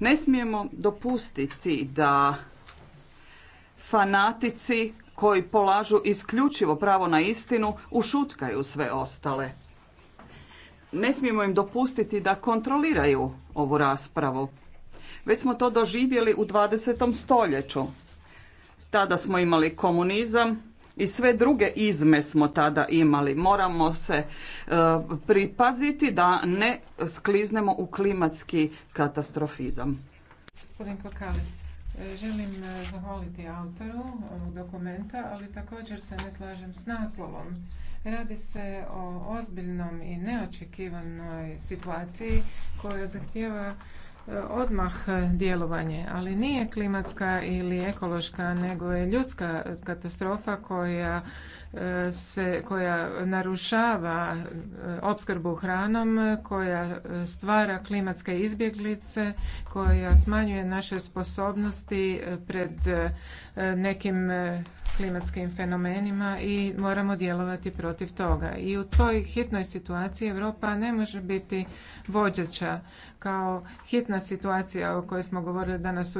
Ne smijemo dopustiti da fanatici koji polažu isključivo pravo na istinu ušutkaju sve ostale. Ne smijemo im dopustiti da kontroliraju ovu raspravu. Već smo to doživjeli u 20. stoljeću. Tada smo imali komunizam, i sve druge izme smo tada imali. Moramo se e, pripaziti da ne skliznemo u klimatski katastrofizam. Gospodin Kokali. E, želim e, zahvaliti autoru ovog dokumenta, ali također se ne slažem s naslovom. Radi se o ozbiljnom i neočekivanoj situaciji koja zahtjeva E, odmah djelovanje, ali nije klimatska ili ekološka, nego je ljudska katastrofa koja e, se, koja narušava e, opskrbu hranom, koja stvara klimatske izbjeglice, koja smanjuje naše sposobnosti pred nekim klimatskim fenomenima i moramo djelovati protiv toga. I u toj hitnoj situaciji Europa ne može biti vođača kao hitna situacija o kojoj smo govorili danas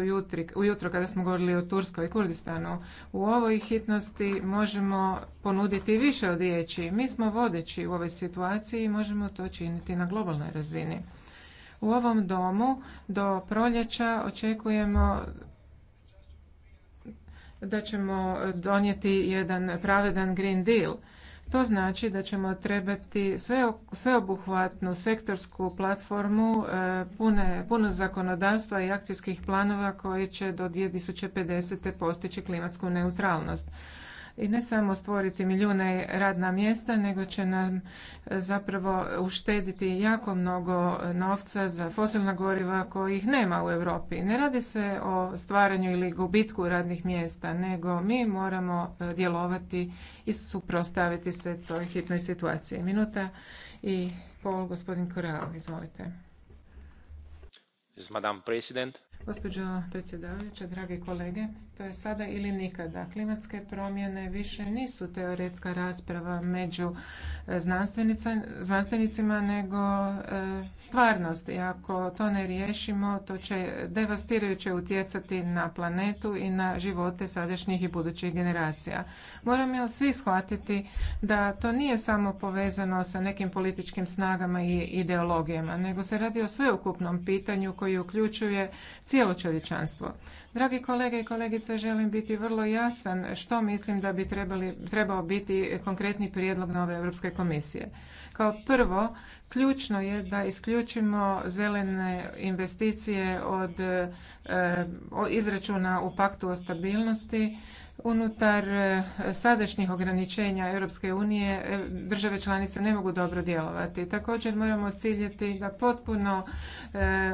ujutro kada smo govorili o Turskoj i Kurdistanu. U ovoj hitnosti možemo ponuditi više od riječi. Mi smo vodeći u ovoj situaciji i možemo to činiti na globalnoj razini. U ovom domu do proljeća očekujemo da ćemo donijeti jedan pravedan Green Deal to znači da ćemo trebati sveobuhvatnu sektorsku platformu e, puno zakonodavstva i akcijskih planova koji će do 2050. postići klimatsku neutralnost i ne samo stvoriti milijune radna mjesta, nego će nam e, zapravo uštediti jako mnogo novca za fosilna goriva kojih nema u Europi. Ne radi se o stvaranju ili gubitku radnih mjesta, nego mi moramo e, djelovati i suprostaviti se toj hitnoj situaciji. Minuta i pol, gospodin Koral, izvolite. Madame President. Gospođo predsjedavajuća, dragi kolege, to je sada ili nikada. Klimatske promjene više nisu teoretska rasprava među e, znanstvenicima, nego e, stvarnost. I ako to ne riješimo, to će devastirajuće utjecati na planetu i na živote sadašnjih i budućih generacija. Moramo svi shvatiti da to nije samo povezano sa nekim političkim snagama i ideologijama, nego se radi o sveukupnom pitanju koji uključuje cijelo čovječanstvo. Dragi kolege i kolegice, želim biti vrlo jasan što mislim da bi trebali, trebao biti konkretni prijedlog nove Europske komisije. Kao prvo, ključno je da isključimo zelene investicije od, eh, od izračuna u paktu o stabilnosti Unutar e, sadašnjih ograničenja Europske unije e, države članice ne mogu dobro djelovati. Također moramo ciljati da potpuno, e,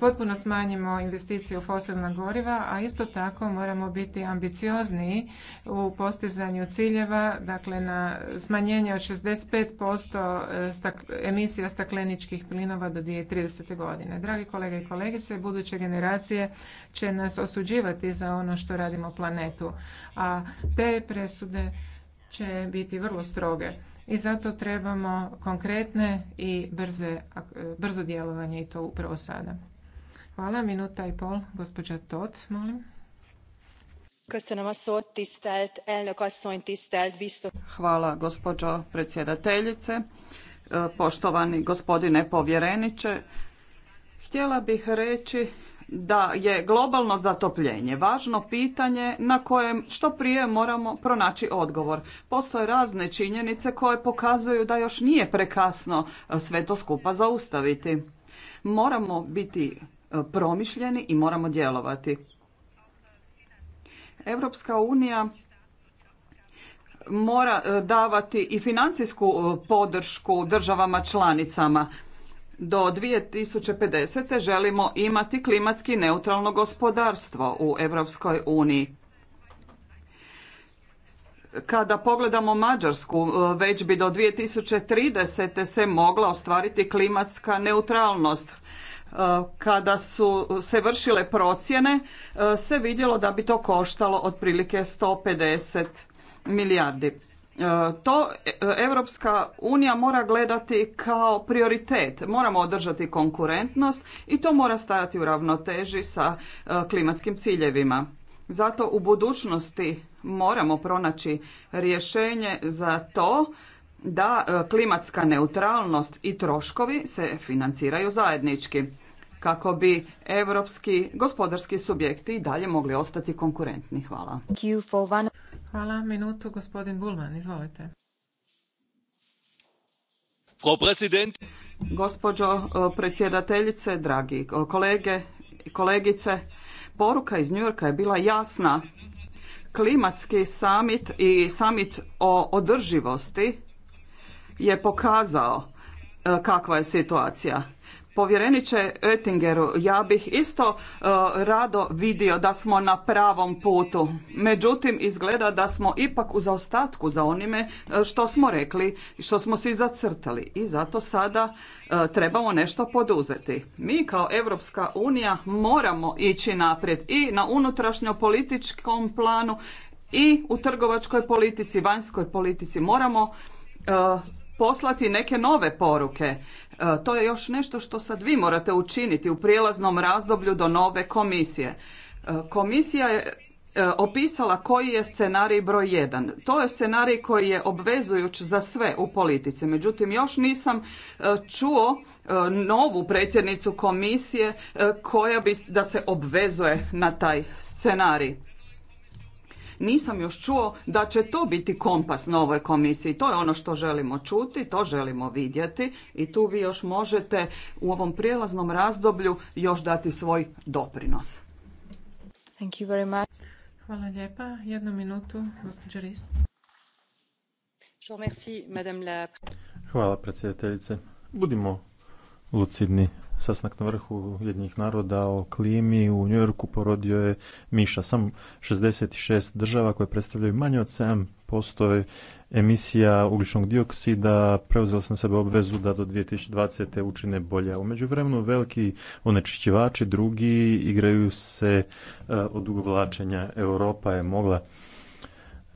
potpuno smanjimo investicije u fosilna goriva, a isto tako moramo biti ambiciozniji u postizanju ciljeva, dakle na smanjenje od 65% emisija stakleničkih plinova do 2030. godine. Dragi kolege i kolegice, buduće generacije će nas osuđivati za ono što radimo planetu a te presude će biti vrlo stroge i zato trebamo konkretne i brze, brzo djelovanje i to upravo sada. Hvala, minuta i pol, gospođa Tot, molim. Hvala, gospođo predsjedateljice, poštovani gospodine povjereniče. Htjela bih reći da je globalno zatopljenje važno pitanje na kojem što prije moramo pronaći odgovor. Postoje razne činjenice koje pokazuju da još nije prekasno e, sve to skupa zaustaviti. Moramo biti e, promišljeni i moramo djelovati. Europska unija mora e, davati i financijsku podršku državama članicama do 2050. želimo imati klimatski neutralno gospodarstvo u Europskoj uniji. Kada pogledamo Mađarsku, e, već bi do 2030. se mogla ostvariti klimatska neutralnost. E, kada su se vršile procjene, e, se vidjelo da bi to koštalo otprilike 150 milijardi. E, to Europska unija mora gledati kao prioritet. Moramo održati konkurentnost i to mora stajati u ravnoteži sa e, klimatskim ciljevima. Zato u budućnosti moramo pronaći rješenje za to da e, klimatska neutralnost i troškovi se financiraju zajednički kako bi europski gospodarski subjekti i dalje mogli ostati konkurentni. Hvala. Hvala. Minutu, gospodin Bulman, izvolite. Gospođo predsjedateljice, dragi kolege i kolegice, poruka iz Njujorka je bila jasna. Klimatski samit i samit o održivosti je pokazao e, kakva je situacija. Povjereniče Oettingeru, ja bih isto e, rado vidio da smo na pravom putu. Međutim, izgleda da smo ipak u zaostatku za onime e, što smo rekli, što smo si zacrtali. I zato sada e, trebamo nešto poduzeti. Mi kao Europska unija moramo ići naprijed i na unutrašnjo političkom planu i u trgovačkoj politici, vanjskoj politici. Moramo poslati neke nove poruke. E, to je još nešto što sad vi morate učiniti u prijelaznom razdoblju do nove komisije. E, komisija je e, opisala koji je scenarij broj jedan. To je scenarij koji je obvezujuć za sve u politici. Međutim, još nisam čuo novu predsjednicu komisije koja bi da se obvezuje na taj scenarij. Nisam još čuo da će to biti kompas novoj komisiji. To je ono što želimo čuti, to želimo vidjeti i tu vi još možete u ovom prijelaznom razdoblju još dati svoj doprinos. Thank you very much. Hvala lijepa. Jednu minutu, Hvala predsjedateljice. Budimo lucidni sastanak na vrhu jednih naroda o klimi u Njujorku porodio je Miša. Sam 66 država koje predstavljaju manje od 7% emisija ugljičnog dioksida preuzela sam na sebe obvezu da do 2020. učine bolje. U međuvremenu veliki onečišćivači, drugi igraju se e, odugovlačenja od Europa je mogla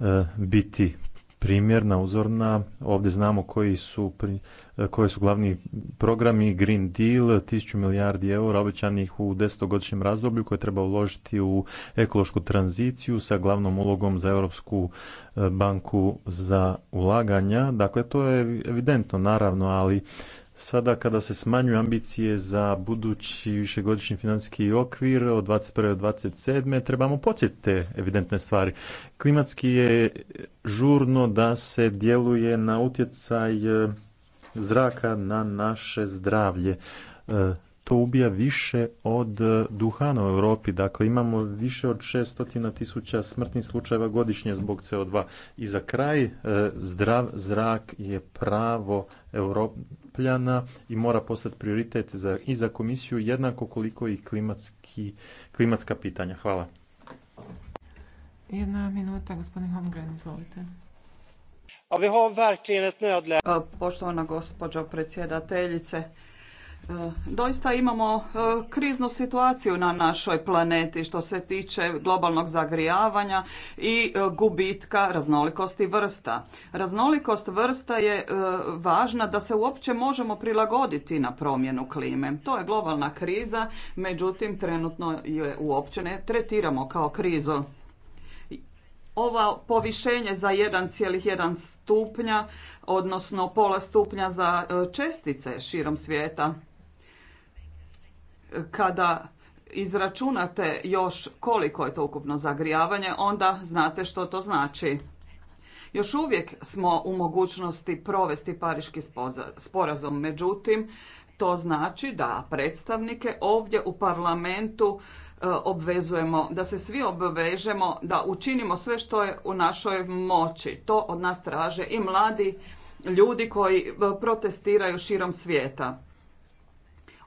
e, biti primjerna, uzorna. Ovdje znamo koji su pri, E, koje su glavni programi Green Deal, 1000 milijardi eura obećanih u desetogodišnjem razdoblju koje treba uložiti u ekološku tranziciju sa glavnom ulogom za Europsku e, banku za ulaganja. Dakle, to je evidentno, naravno, ali Sada kada se smanjuju ambicije za budući višegodišnji financijski okvir od 21. do 27. trebamo podsjetiti te evidentne stvari. Klimatski je žurno da se djeluje na utjecaj e, zraka na naše zdravlje. E, to ubija više od e, duhana u Europi, dakle imamo više od 600 tisuća smrtnih slučajeva godišnje zbog CO2. I za kraj, e, zdrav zrak je pravo Europljana i mora postati prioritet za, i za komisiju jednako koliko i klimatski, klimatska pitanja. Hvala. Jedna minuta, gospodin Holmgren, izvolite. E, poštovana gospođo predsjedateljice, e, doista imamo e, kriznu situaciju na našoj planeti što se tiče globalnog zagrijavanja i gubitka raznolikosti vrsta. Raznolikost vrsta je važna da se uopće možemo prilagoditi na promjenu klime. To je globalna kriza, međutim trenutno je uopće ne tretiramo kao krizu. Ovo povišenje za 1,1 stupnja, odnosno pola stupnja za e, čestice širom svijeta, kada izračunate još koliko je to ukupno zagrijavanje, onda znate što to znači. Još uvijek smo u mogućnosti provesti Pariški sporazum, međutim, to znači da predstavnike ovdje u parlamentu E, obvezujemo, da se svi obvežemo da učinimo sve što je u našoj moći. To od nas traže i mladi ljudi koji e, protestiraju širom svijeta.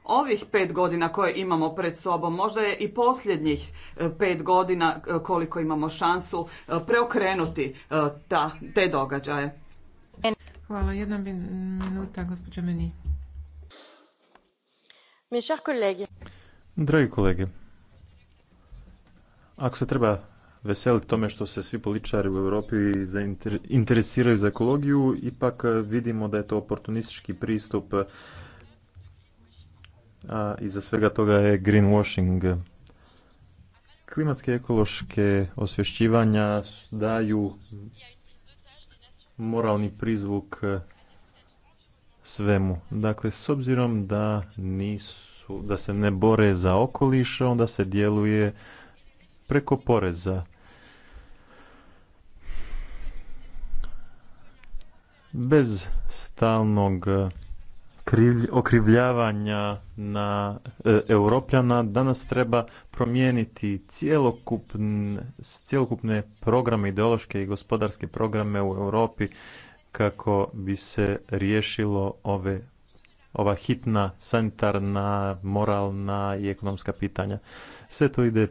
Ovih pet godina koje imamo pred sobom, možda je i posljednjih e, pet godina koliko imamo šansu preokrenuti ta, te događaje. Hvala. Jedna minuta, gospođa Meni. Dragi kolege, ako se treba veseliti tome što se svi političari u Europi interesiraju za ekologiju, ipak vidimo da je to oportunistički pristup a iza svega toga je greenwashing. Klimatske ekološke osvješćivanja daju moralni prizvuk svemu. Dakle, s obzirom da nisu, da se ne bore za okoliš, onda se djeluje preko poreza. Bez stalnog e, okrivljavanja na e, europljana danas treba promijeniti cjelokupne programe ideološke i gospodarske programe u Europi kako bi se riješilo ove ova hitna sanitarna, moralna i ekonomska pitanja. Sve to ide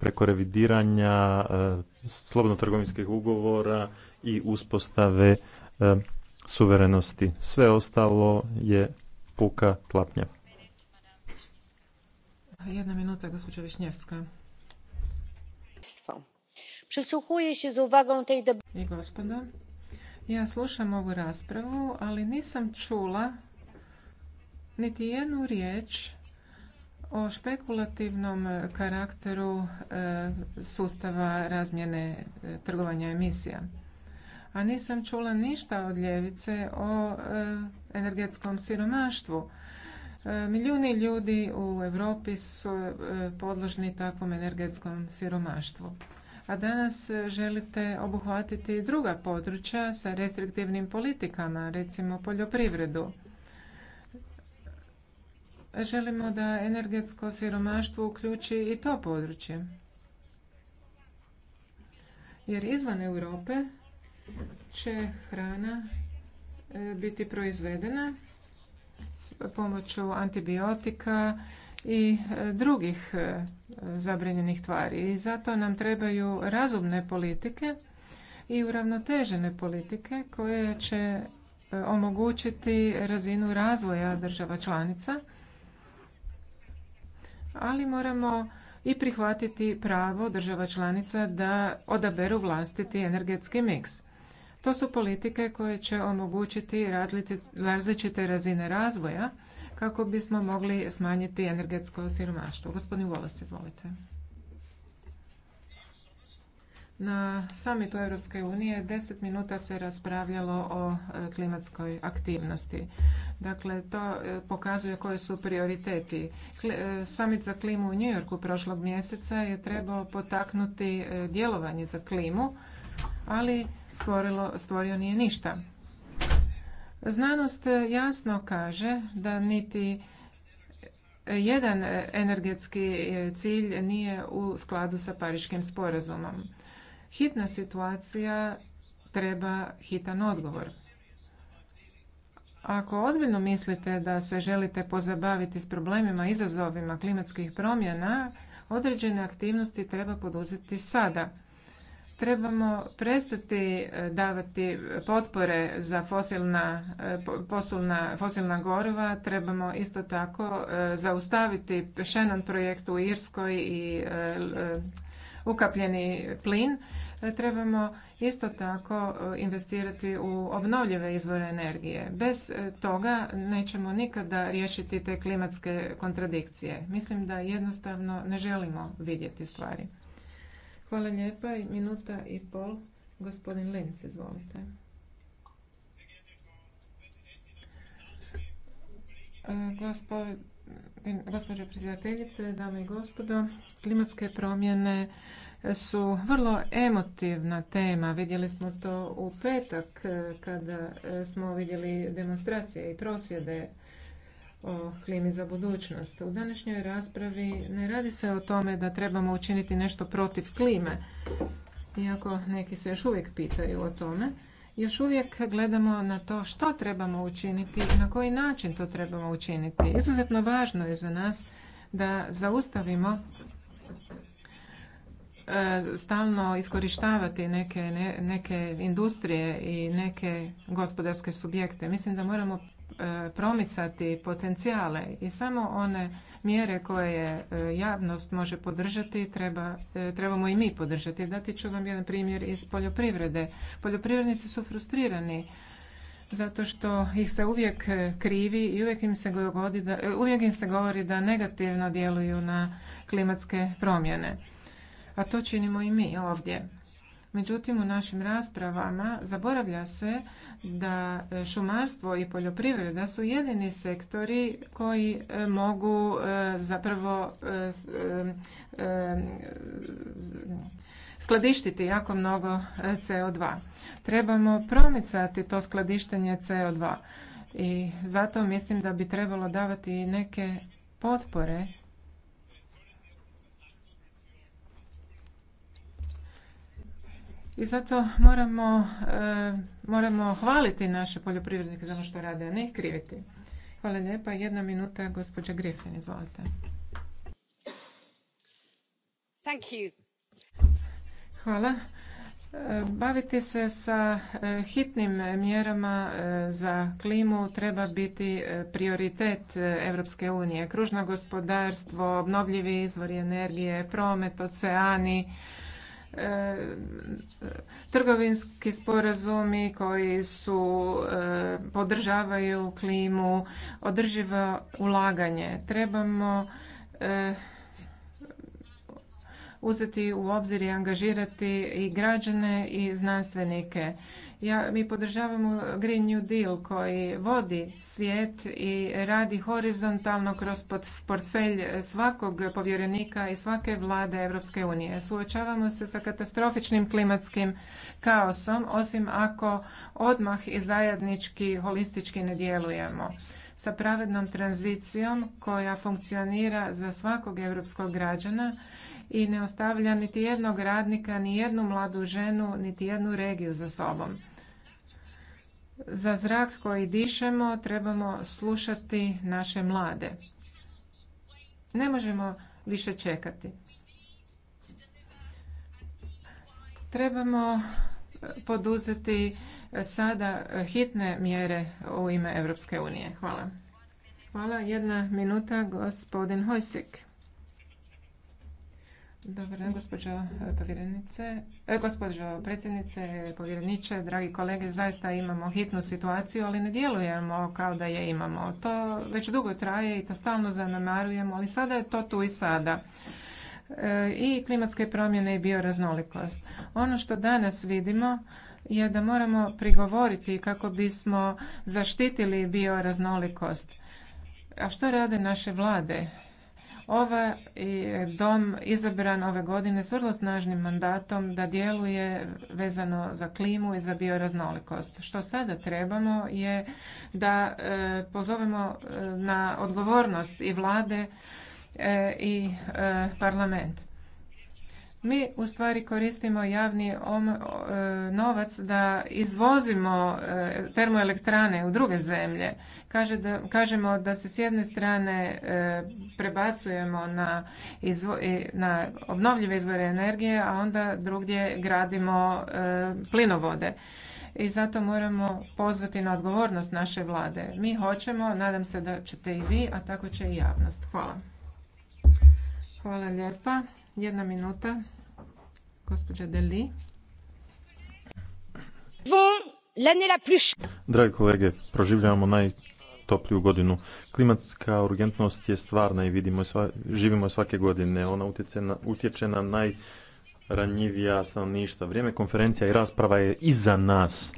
preko revidiranja e, slobodno trgovinskih ugovora i uspostave e, suverenosti. Sve ostalo je puka tlapnja. Jedna minuta, gospođa Višnjevska. I ja slušam ovu raspravu, ali nisam čula niti jednu riječ o špekulativnom karakteru e, sustava razmjene e, trgovanja emisija. A nisam čula ništa od ljevice o e, energetskom siromaštvu. Milijuni ljudi u Europi su podložni takvom energetskom siromaštvu. A danas želite obuhvatiti druga područja sa restriktivnim politikama, recimo poljoprivredu želimo da energetsko siromaštvo uključi i to područje. Jer izvan Europe će hrana e, biti proizvedena s pomoću antibiotika i e, drugih e, zabranjenih tvari. I zato nam trebaju razumne politike i uravnotežene politike koje će omogućiti razinu razvoja država članica ali moramo i prihvatiti pravo država članica da odaberu vlastiti energetski miks. To su politike koje će omogućiti različite razine razvoja kako bismo mogli smanjiti energetsko siromaštvo. Gospodin Wallace, izvolite. Na samitu Europske unije 10 minuta se raspravljalo o e, klimatskoj aktivnosti. Dakle, to e, pokazuje koji su prioriteti. E, Samit za klimu u New prošlog mjeseca je trebao potaknuti djelovanje za klimu, ali stvorilo, stvorio nije ništa. Znanost jasno kaže da niti jedan energetski cilj nije u skladu sa pariškim sporazumom. Hitna situacija treba hitan odgovor. Ako ozbiljno mislite da se želite pozabaviti s problemima, izazovima klimatskih promjena, određene aktivnosti treba poduzeti sada. Trebamo prestati e, davati potpore za fosilna, gorova, e, fosilna goriva, trebamo isto tako e, zaustaviti Shannon projekt u Irskoj i ukapljeni plin, e, trebamo isto tako e, investirati u obnovljive izvore energije. Bez e, toga nećemo nikada riješiti te klimatske kontradikcije. Mislim da jednostavno ne želimo vidjeti stvari. Hvala lijepa. Minuta i pol. Gospodin izvolite gospođo predsjedateljice, dame i gospodo. Klimatske promjene su vrlo emotivna tema. Vidjeli smo to u petak e, kada e, smo vidjeli demonstracije i prosvjede o klimi za budućnost. U današnjoj raspravi ne radi se o tome da trebamo učiniti nešto protiv klime, iako neki se još uvijek pitaju o tome još uvijek gledamo na to što trebamo učiniti i na koji način to trebamo učiniti. Izuzetno važno je za nas da zaustavimo e, stalno iskorištavati neke, neke industrije i neke gospodarske subjekte. Mislim da moramo E, promicati potencijale i samo one mjere koje e, javnost može podržati treba, e, trebamo i mi podržati. Dati ću vam jedan primjer iz poljoprivrede. Poljoprivrednici su frustrirani zato što ih se uvijek krivi i uvijek im se, govori da, uvijek im se govori da negativno djeluju na klimatske promjene. A to činimo i mi ovdje. Međutim, u našim raspravama zaboravlja se da šumarstvo i poljoprivreda su jedini sektori koji e, mogu e, zapravo e, skladištiti jako mnogo CO2. Trebamo promicati to skladištenje CO2 i zato mislim da bi trebalo davati neke potpore I zato moramo, e, moramo hvaliti naše poljoprivrednike za ono što rade, a ne ih kriviti. Hvala lijepa. Jedna minuta, gospođa Griffin, izvolite. Thank you. Hvala. E, baviti se sa e, hitnim mjerama za klimu treba biti prioritet Europske unije. Kružno gospodarstvo, obnovljivi izvori energije, promet, oceani, E, trgovinski sporazumi koji su e, podržavaju klimu, održivo ulaganje. Trebamo e, uzeti u obzir i angažirati i građane i znanstvenike. Ja, mi podržavamo Green New Deal koji vodi svijet i radi horizontalno kroz portfelj svakog povjerenika i svake vlade Europske unije. Suočavamo se sa katastrofičnim klimatskim kaosom, osim ako odmah i zajednički holistički ne djelujemo sa pravednom tranzicijom koja funkcionira za svakog europskog građana i ne ostavlja niti jednog radnika, ni jednu mladu ženu, niti jednu regiju za sobom. Za zrak koji dišemo trebamo slušati naše mlade. Ne možemo više čekati. Trebamo poduzeti sada hitne mjere u ime Europske unije. Hvala. Hvala. Jedna minuta, gospodin Hojsik. Dobar dan, gospođo e, povjerenice, e, gospođo predsjednice, povjereniče, dragi kolege, zaista imamo hitnu situaciju, ali ne djelujemo kao da je imamo. To već dugo traje i to stalno zanemarujemo, ali sada je to tu i sada e, i klimatske promjene i bioraznolikost. Ono što danas vidimo je da moramo prigovoriti kako bismo zaštitili bioraznolikost. A što rade naše vlade? Ovaj dom izabran ove godine s vrlo snažnim mandatom da djeluje vezano za klimu i za bioraznolikost. Što sada trebamo je da e, pozovemo e, na odgovornost i vlade e, i parlament mi u stvari koristimo javni e, novac da izvozimo e, termoelektrane u druge zemlje. Kaže da, kažemo da se s jedne strane e, prebacujemo na, izvo, na obnovljive izvore energije, a onda drugdje gradimo plinovode i zato moramo pozvati na odgovornost naše vlade. Mi hoćemo, nadam se da ćete i vi, a tako će i javnost. Hvala. Hvala lijepa. Jedna minuta. Gospođa Deli. Dragi kolege, proživljavamo najtopliju godinu. Klimatska urgentnost je stvarna i vidimo živimo svake godine. Ona utječe na, utječe na najranjivija stanovništva. Vrijeme konferencija i rasprava je iza nas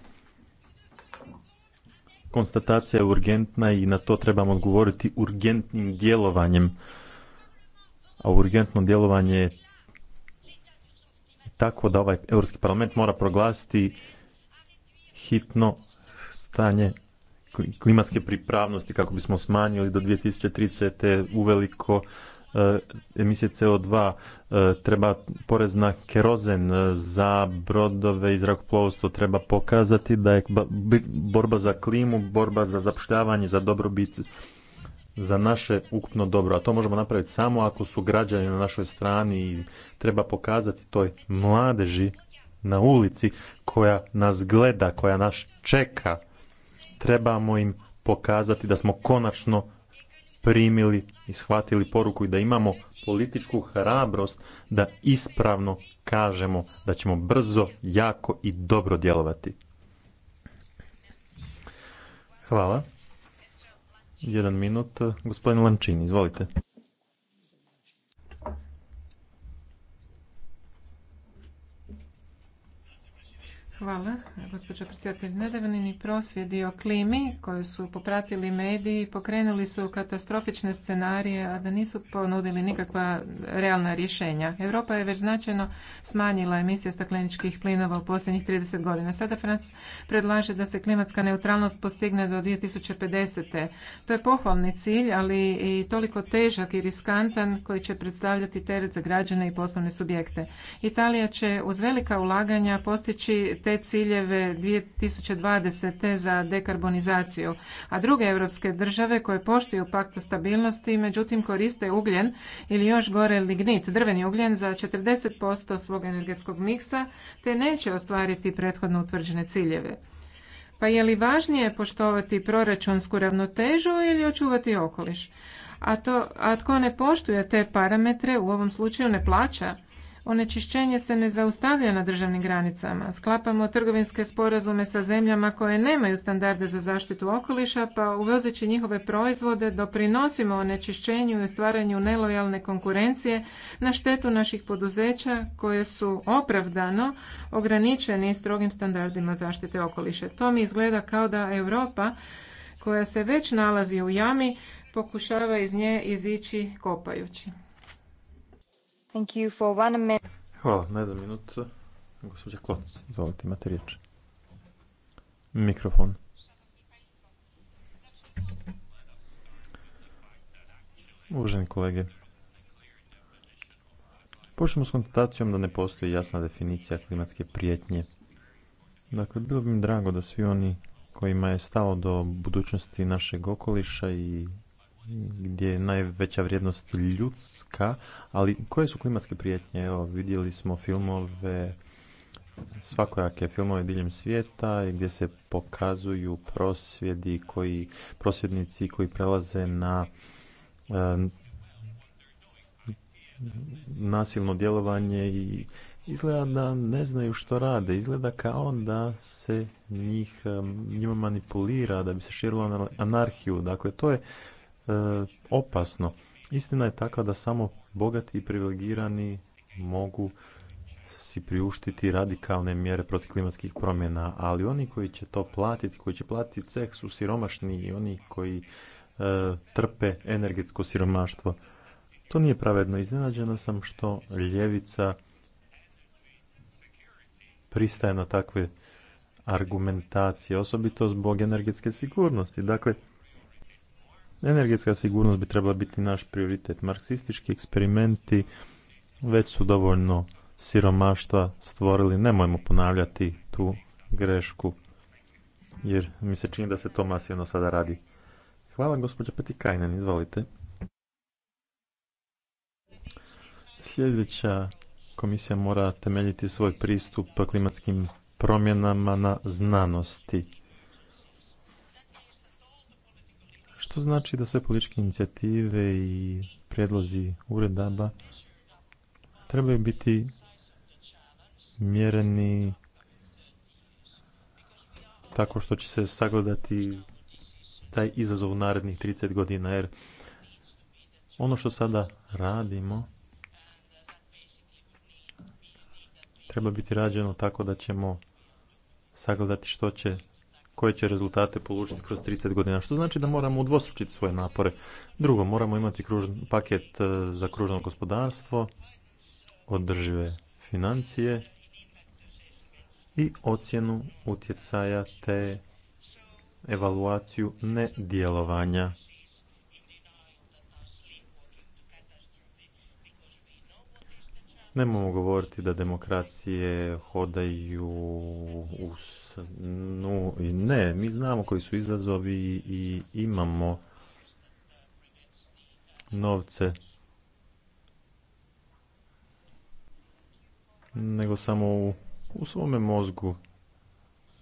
konstatacija je urgentna i na to trebamo odgovoriti urgentnim djelovanjem a urgentno djelovanje tako da ovaj Europski parlament mora proglasiti hitno stanje klimatske pripravnosti kako bismo smanjili do 2030. uveliko e, emisije CO2, e, treba porez na kerozen e, za brodove i zrakoplovstvo, treba pokazati da je borba za klimu, borba za zapošljavanje, za dobrobit za naše ukupno dobro, a to možemo napraviti samo ako su građani na našoj strani i treba pokazati toj mladeži na ulici koja nas gleda, koja nas čeka. Trebamo im pokazati da smo konačno primili i shvatili poruku i da imamo političku hrabrost da ispravno kažemo da ćemo brzo, jako i dobro djelovati. Hvala. Jedan minut. Gospodin Lančin, izvolite. Hvala, gospođo predsjedatelj. Nedavni prosvjedi o klimi koje su popratili mediji pokrenuli su katastrofične scenarije, a da nisu ponudili nikakva realna rješenja. Europa je već značajno smanjila emisije stakleničkih plinova u posljednjih 30 godina. Sada Franc predlaže da se klimatska neutralnost postigne do 2050. To je pohvalni cilj, ali i toliko težak i riskantan koji će predstavljati teret za građane i poslovne subjekte. Italija će uz velika ulaganja postići te ciljeve 2020. za dekarbonizaciju, a druge europske države koje poštuju pakt o stabilnosti međutim koriste ugljen ili još gore lignit, drveni ugljen za 40% svog energetskog miksa te neće ostvariti prethodno utvrđene ciljeve. Pa je li važnije poštovati proračunsku ravnotežu ili očuvati okoliš? A, to, a tko ne poštuje te parametre u ovom slučaju ne plaća? Onečišćenje se ne zaustavlja na državnim granicama. Sklapamo trgovinske sporazume sa zemljama koje nemaju standarde za zaštitu okoliša, pa uvozeći njihove proizvode doprinosimo onečišćenju i stvaranju nelojalne konkurencije na štetu naših poduzeća koje su opravdano ograničeni strogim standardima zaštite okoliša. To mi izgleda kao da Europa koja se već nalazi u jami pokušava iz nje izići kopajući. Thank you for one Hvala, na minutu. Kloc, izvolite, Mikrofon. Uvaženi kolege, počnemo s konstatacijom da ne postoji jasna definicija klimatske prijetnje. Dakle, bilo bi mi drago da svi oni kojima je stalo do budućnosti našeg okoliša i gdje je najveća vrijednost ljudska, ali koje su klimatske prijetnje? Evo, vidjeli smo filmove, svakojake filmove diljem svijeta i gdje se pokazuju prosvjedi koji, prosvjednici koji prelaze na nasilno djelovanje i izgleda da ne znaju što rade, izgleda kao da se njih, njima manipulira, da bi se širila anarhiju. Dakle, to je E, opasno. Istina je takva da samo bogati i privilegirani mogu si priuštiti radikalne mjere protiv klimatskih promjena, ali oni koji će to platiti, koji će platiti ceh su siromašni i oni koji e, trpe energetsko siromaštvo. To nije pravedno. Iznenađena sam što ljevica pristaje na takve argumentacije, osobito zbog energetske sigurnosti. Dakle, Energetska sigurnost bi trebala biti naš prioritet. Marksistički eksperimenti već su dovoljno siromaštva stvorili. Nemojmo ponavljati tu grešku, jer mi se čini da se to masivno sada radi. Hvala, gospođa Petikajnen, izvolite. Sljedeća komisija mora temeljiti svoj pristup klimatskim promjenama na znanosti. što znači da sve političke inicijative i prijedlozi uredaba trebaju biti mjereni tako što će se sagledati taj izazov u narednih 30 godina jer ono što sada radimo treba biti rađeno tako da ćemo sagledati što će koje će rezultate polučiti kroz 30 godina, što znači da moramo udvostručiti svoje napore. Drugo, moramo imati paket e, za kružno gospodarstvo, održive financije i ocjenu utjecaja te evaluaciju nedjelovanja. Nemamo govoriti da demokracije hodaju u no, ne, mi znamo koji su izazovi i imamo novce. Nego samo u, svome mozgu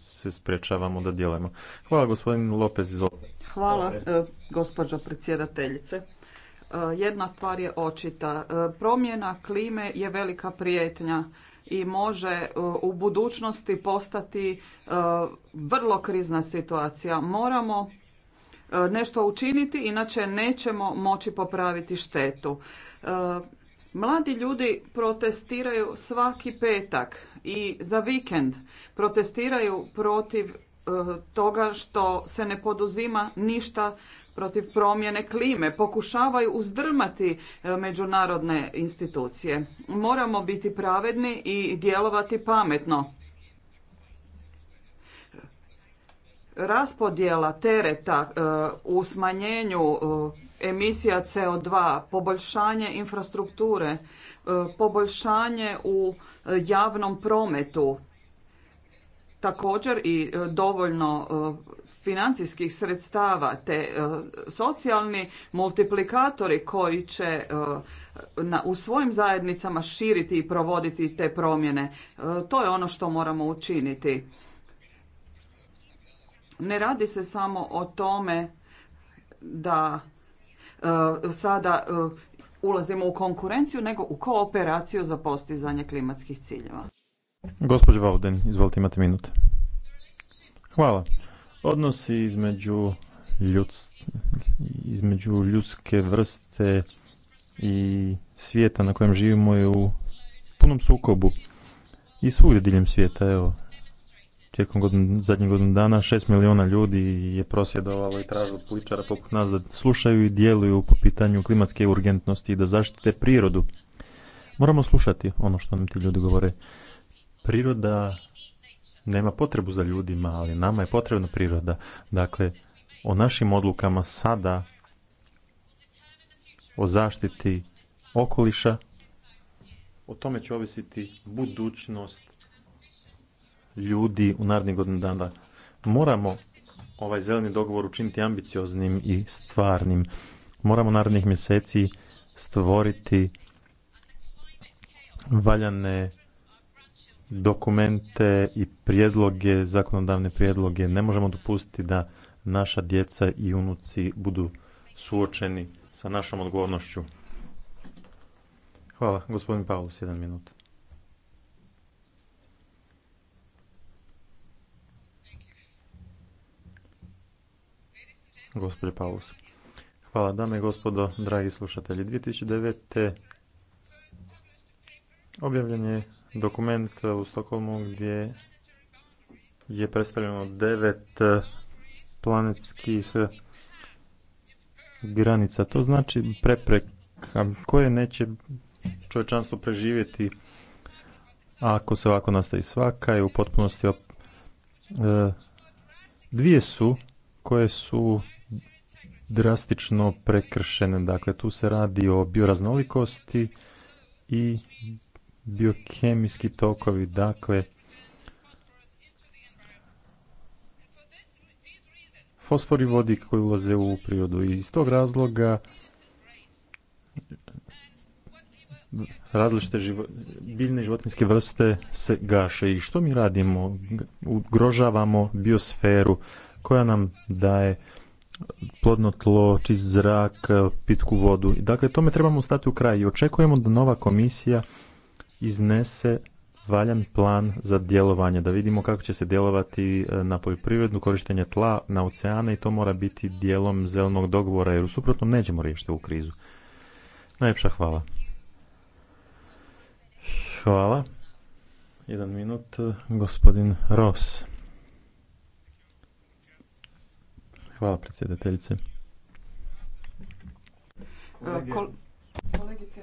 se sprečavamo da djelujemo. Hvala gospodin Lopez Hvala e, gospođo predsjedateljice. E, jedna stvar je očita. E, promjena klime je velika prijetnja i može e, u budućnosti postati e, vrlo krizna situacija. Moramo e, nešto učiniti, inače nećemo moći popraviti štetu. Mladi ljudi protestiraju svaki petak i za vikend protestiraju protiv toga što se ne poduzima ništa protiv promjene klime, pokušavaju uzdrmati e, međunarodne institucije. Moramo biti pravedni i djelovati pametno. Raspodjela tereta e, u smanjenju e, emisija CO2, poboljšanje infrastrukture, poboljšanje u javnom prometu, također i e, dovoljno e, financijskih sredstava te e, socijalni multiplikatori koji će u svojim zajednicama širiti i provoditi te promjene. To je ono što moramo učiniti. Ne radi se samo o tome da sada ulazimo u konkurenciju, nego u kooperaciju za postizanje klimatskih ciljeva. Gospođo Vauden, izvolite imate minut. Hvala. Odnosi između, ljuds, između ljudske vrste i svijeta na kojem živimo je u punom sukobu i svugdje diljem svijeta. Evo, tijekom godin, zadnjih godinu dana šest milijuna ljudi je prosvjedovalo i tražilo političara poput nas da slušaju i djeluju po pitanju klimatske urgentnosti i da zaštite prirodu. Moramo slušati ono što nam ti ljudi govore priroda nema potrebu za ljudima, ali nama je potrebna priroda. Dakle, o našim odlukama sada, o zaštiti okoliša, o tome će ovisiti budućnost ljudi u narednih godinu dana. Moramo ovaj zeleni dogovor učiniti ambicioznim i stvarnim. Moramo narednih mjeseci stvoriti valjane dokumente i prijedloge, zakonodavne prijedloge. Ne možemo dopustiti da naša djeca i unuci budu suočeni sa našom odgovornošću. Hvala. Gospodin Paulus, jedan minut. Gospodin Paulus. Hvala, dame i gospodo, dragi slušatelji. 2009. objavljen je dokument u Stokholmu gdje je predstavljeno devet eh, planetskih eh, granica. To znači prepreka koje neće čovječanstvo preživjeti ako se ovako nastavi svaka je u potpunosti eh, dvije su koje su drastično prekršene. Dakle, tu se radi o bioraznolikosti i biokemijski tokovi, dakle fosfor i vodik koji ulaze u prirodu. I iz tog razloga različite biljne i životinske vrste se gaše. I što mi radimo? Ugrožavamo biosferu koja nam daje plodno tlo, čist zrak, pitku vodu. Dakle, tome trebamo stati u kraj i očekujemo da nova komisija iznese valjan plan za djelovanje, da vidimo kako će se djelovati e, na poljoprivredno korištenje tla, na oceane i to mora biti dijelom zelenog dogovora jer u suprotnom nećemo riješiti ovu krizu. Najljepša hvala. Hvala. Jedan minut, e, gospodin Ross. Hvala predsjedateljice. Kolegice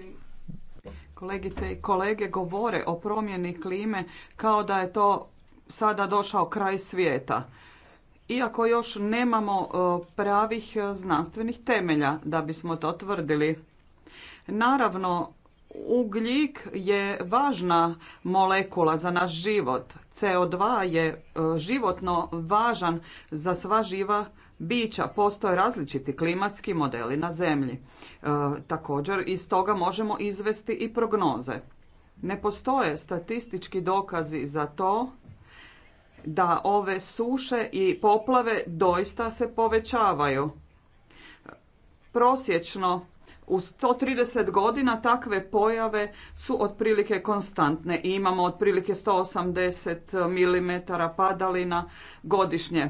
kolegice i kolege govore o promjeni klime kao da je to sada došao kraj svijeta. Iako još nemamo e, pravih e, znanstvenih temelja da bismo to tvrdili. Naravno, ugljik je važna molekula za naš život. CO2 je e, životno važan za sva živa bića. Postoje različiti klimatski modeli na zemlji. E, također iz toga možemo izvesti i prognoze. Ne postoje statistički dokazi za to da ove suše i poplave doista se povećavaju. Prosječno u 130 godina takve pojave su otprilike konstantne i imamo otprilike 180 mm padalina godišnje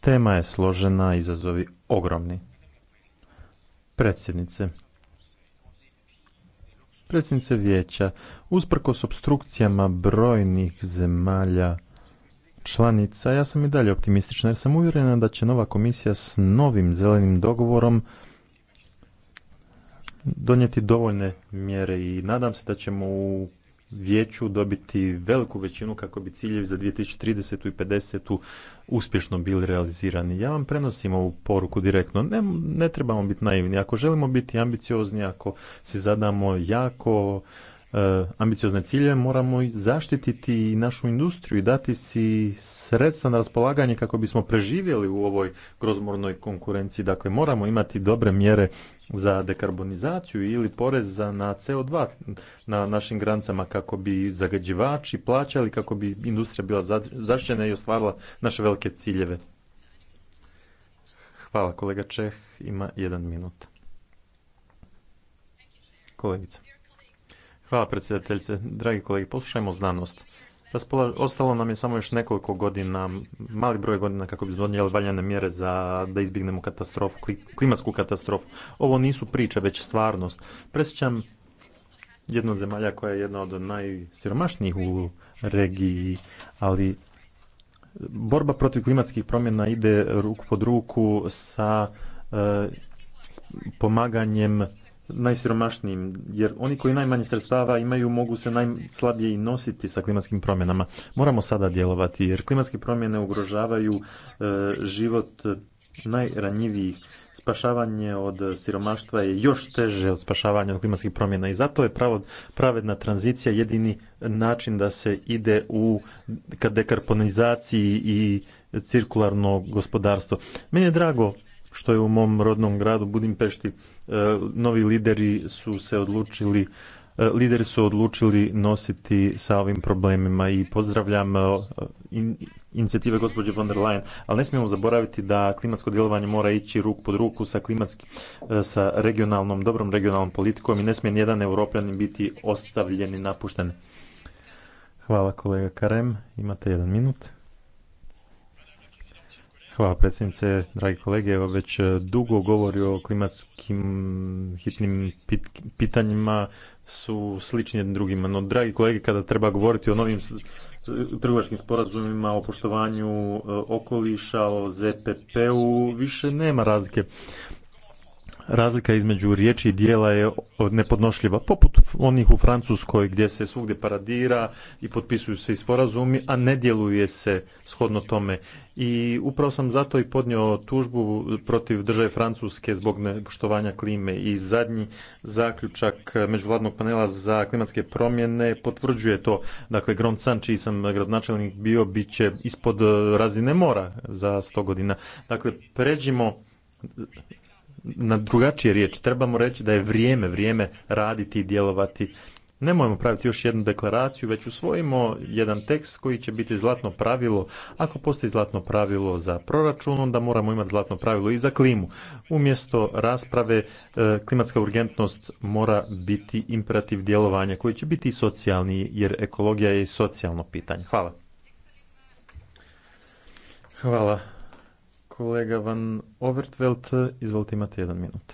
Tema je složena, izazovi ogromni. Predsjednice. Predsjednice vijeća, usprkos obstrukcijama brojnih zemalja članica, ja sam i dalje optimistična jer sam uvjerena da će nova komisija s novim zelenim dogovorom donijeti dovoljne mjere i nadam se da ćemo u vijeću dobiti veliku većinu kako bi ciljevi za 2030. i 50. uspješno bili realizirani. Ja vam prenosim ovu poruku direktno. Ne, trebamo biti naivni. Ako želimo biti ambiciozni, ako si zadamo jako e, ambiciozne ciljeve, moramo zaštititi našu industriju i dati si sredstva na raspolaganje kako bismo preživjeli u ovoj grozmornoj konkurenciji. Dakle, moramo imati dobre mjere za dekarbonizaciju ili poreza na CO2 na našim granicama kako bi zagađivači plaćali, kako bi industrija bila zaštićena i ostvarila naše velike ciljeve. Hvala kolega Čeh, ima jedan minut. Kolegica. Hvala predsjedateljice. Dragi kolegi, poslušajmo znanost. Ostalo nam je samo još nekoliko godina, mali broj godina kako bi donijeli valjane mjere za da izbjegnemo katastrofu, klimatsku katastrofu. Ovo nisu priče, već stvarnost. Presjećam jednu od zemalja koja je jedna od najsiromašnijih u regiji, ali borba protiv klimatskih promjena ide ruku pod ruku sa eh, pomaganjem najsiromašnijim, jer oni koji najmanje sredstava imaju mogu se najslabije i nositi sa klimatskim promjenama. Moramo sada djelovati jer klimatske promjene ugrožavaju e, život najranjivijih. Spašavanje od siromaštva je još teže od spašavanja od klimatskih promjena i zato je pravo, pravedna tranzicija jedini način da se ide u ka dekarbonizaciji i cirkularno gospodarstvo. Meni je drago što je u mom rodnom gradu Budimpešti e, novi lideri su se odlučili e, lideri su odlučili nositi sa ovim problemima i pozdravljam e, inicijative gospođe von der Leyen, ali ne smijemo zaboraviti da klimatsko djelovanje mora ići ruk pod ruku sa klimatski, sa regionalnom, dobrom regionalnom politikom i ne smije nijedan europljanin biti ostavljen i napušten. Hvala kolega Karem, imate jedan minut. Hvala predsjednice, dragi kolege. Evo već e, dugo govori o klimatskim hitnim pitanjima su slični jednim drugima. No, dragi kolege, kada treba govoriti o novim trgovačkim sporazumima, o poštovanju e, okoliša, o ZPP-u, više nema razlike razlika između riječi i dijela je nepodnošljiva, poput onih u Francuskoj gdje se svugdje paradira i potpisuju svi sporazumi, a ne djeluje se shodno tome. I upravo sam zato i podnio tužbu protiv države Francuske zbog nepoštovanja klime. I zadnji zaključak Međuvladnog panela za klimatske promjene potvrđuje to. Dakle, San, čiji sam gradonačelnik bio, bit će ispod razine mora za sto godina. Dakle, pređimo na drugačije riječ, Trebamo reći da je vrijeme, vrijeme raditi i djelovati. Nemojmo praviti još jednu deklaraciju, već usvojimo jedan tekst koji će biti zlatno pravilo. Ako postoji zlatno pravilo za proračun, onda moramo imati zlatno pravilo i za klimu. Umjesto rasprave, e, klimatska urgentnost mora biti imperativ djelovanja koji će biti i socijalni, jer ekologija je i socijalno pitanje. Hvala. Hvala Kolega Van Overtveld, izvolite imate jedan minut.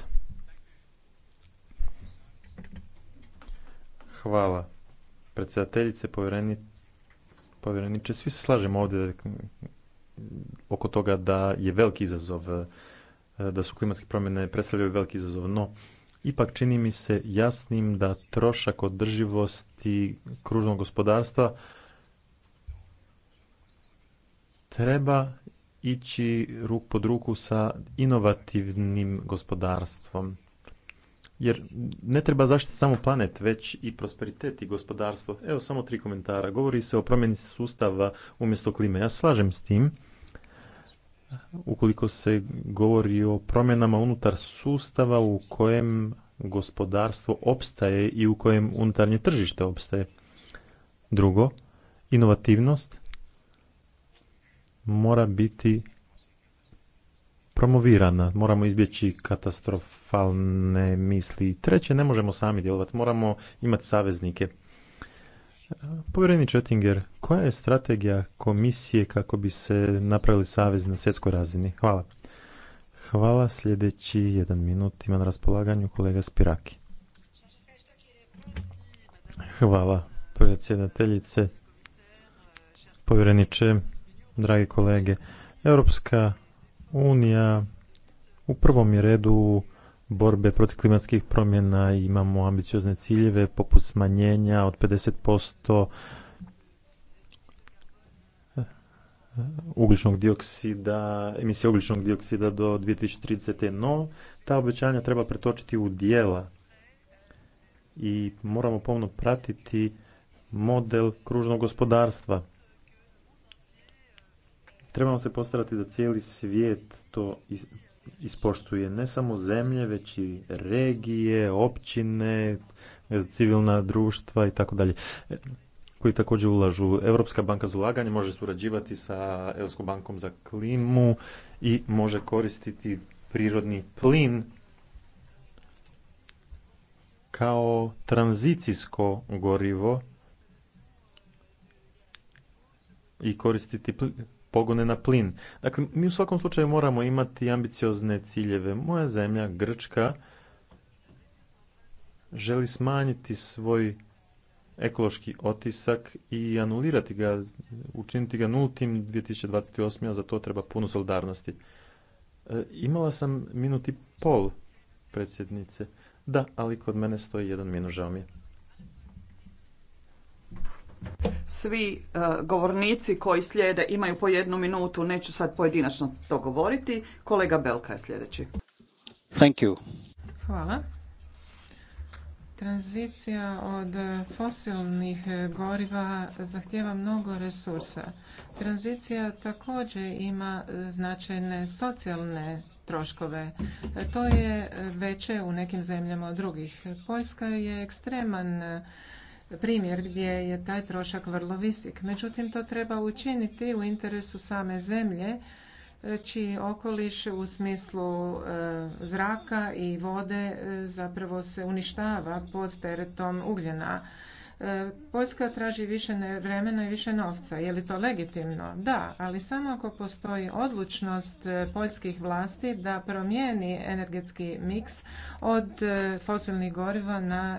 Hvala. Predsjedateljice, povjereni, povjereniče, svi se slažemo ovdje oko toga da je veliki izazov, da su klimatske promjene predstavljaju veliki izazov, no ipak čini mi se jasnim da trošak održivosti kružnog gospodarstva treba ići ruk pod ruku sa inovativnim gospodarstvom. Jer ne treba zaštiti samo planet, već i prosperitet i gospodarstvo. Evo samo tri komentara. Govori se o promjeni sustava umjesto klime. Ja slažem s tim. Ukoliko se govori o promjenama unutar sustava u kojem gospodarstvo opstaje i u kojem unutarnje tržište opstaje. Drugo, inovativnost mora biti promovirana. Moramo izbjeći katastrofalne misli. Treće, ne možemo sami djelovati, moramo imati saveznike. E, Povjereni Čettinger, koja je strategija komisije kako bi se napravili savez na svjetskoj razini? Hvala. Hvala, sljedeći jedan minut ima na raspolaganju kolega Spiraki. Hvala, predsjedateljice, povjereniče, dragi kolege. Europska unija u prvom je redu borbe protiv klimatskih promjena imamo ambiciozne ciljeve poput smanjenja od 50% ugljičnog dioksida, emisije ugljičnog dioksida do 2030. No, ta obećanja treba pretočiti u dijela i moramo pomno pratiti model kružnog gospodarstva. Trebamo se postarati da cijeli svijet to ispoštuje ne samo zemlje, već i regije, općine, civilna društva i tako dalje koji također ulažu. Europska banka za ulaganje može surađivati sa Europskom bankom za klimu i može koristiti prirodni plin kao tranzicijsko gorivo i koristiti pogone na plin. Dakle, mi u svakom slučaju moramo imati ambiciozne ciljeve. Moja zemlja, Grčka, želi smanjiti svoj ekološki otisak i anulirati ga, učiniti ga nultim 2028. a za to treba puno solidarnosti. E, imala sam minuti pol predsjednice. Da, ali kod mene stoji jedan minut, žao mi je. Svi e, govornici koji slijede imaju po jednu minutu, neću sad pojedinačno to govoriti. Kolega Belka je sljedeći. Thank you. Hvala. Tranzicija od fosilnih goriva zahtjeva mnogo resursa. Tranzicija također ima značajne socijalne troškove. To je veće u nekim zemljama od drugih. Poljska je ekstreman primjer gdje je taj trošak vrlo visik. Međutim, to treba učiniti u interesu same zemlje e, čiji okoliš u smislu e, zraka i vode e, zapravo se uništava pod teretom ugljena. Poljska traži više vremena i više novca. Je li to legitimno? Da, ali samo ako postoji odlučnost poljskih vlasti da promijeni energetski miks od fosilnih goriva na